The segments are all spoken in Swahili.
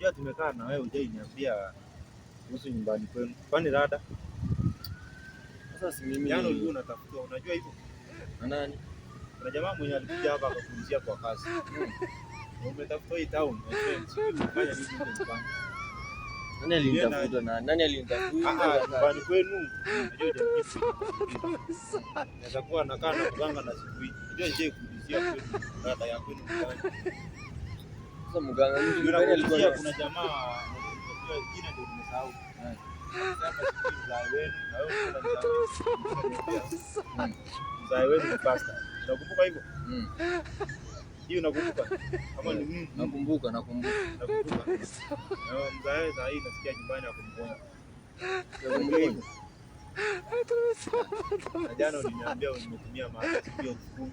unajua tumekaa na wewe hujaniambia kuhusu nyumbani kwenu. Kwani rada? Sasa si mimi. Yaani ulikuwa unatafuta, unajua hivyo? Na nani? Kuna jamaa mwenye alikuja hapa akafunzia kwa kazi. Umetafuta hii town. Nani alinitafuta na nani alinitafuta? Ah, ah nyumbani kwenu. Naweza kuwa nakaa na kuganga na siku hii. Unajua je, kuulizia kwenu rada ya kwenu kuna jamaa jina ndio nimesahau Unakumbuka hivyo? Hmm. Hiyo unakumbuka? Kama ni nakumbuka, nakumbuka. Nakumbuka. Mzae saa hii nasikia nyumbani akumbuka. Jana uliniambia umetumia maana sio kumi.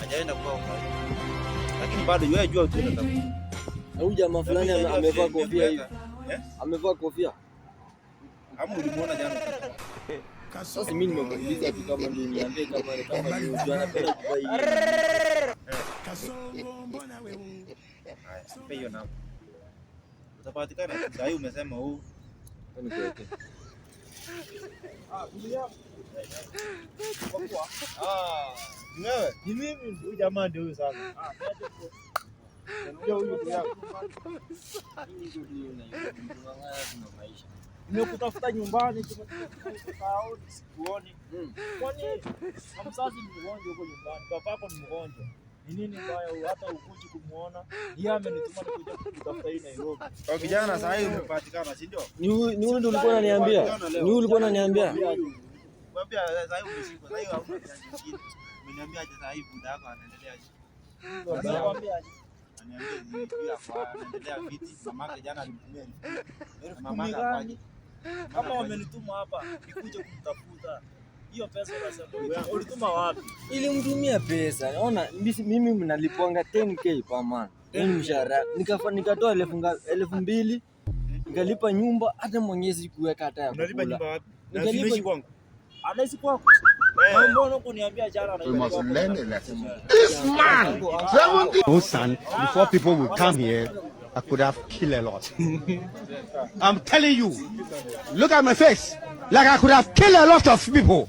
hajaenda kwao, lakini bado wewe jua utatafuta. Huyu jamaa fulani eh? amevaa kofia hivi, amevaa kofia ama ulimuona jana? Sasa mimi nimekuuliza tu kama ndio niambie kama ni kama ni unajua anapenda kuvaa hivi. Kasongo mbona wewe? Haya, hiyo namba. Utapatikana, sasa umesema huu. Nikuweke. Yaani ni mimi huyu jamaa ndio huyu sasa. Nimekutafuta nyumbani sikuoni. Kwani mzazi ni mgonjwa huko nyumbani, babako ni mgonjwa ni nini mbaya hata ukuji kumuona? Yeye amenituma nikuja kutafuta hii Nairobi. Kwa kijana sasa hivi umepatikana, si ndio? Ni huyu ndio ulikuwa unaniambia. Ni huyu ulikuwa unaniambia. Mwambia sasa hivi umeshikwa. Sasa hivi hakuna kitu kingine. Umeniambia aje sasa hivi muda wako anaendelea aje? Mwambia aje. Aniambia ni kwa anaendelea viti. Mamake jana alimtumia. Mamake apaje? Kama wamenituma hapa nikuje kumtafuta hiyo pesa ulituma wapi? Ilimtumia pesa. Naona mimi mnalipwanga 10k per month. Mshahara nikatoa elfu mbili nikalipa nyumba, hata mwenyezi kuweka hata ya kula. No, son, before people will come here, I could have killed a lot. I'm telling you, look at my face, like I could have killed a lot of people.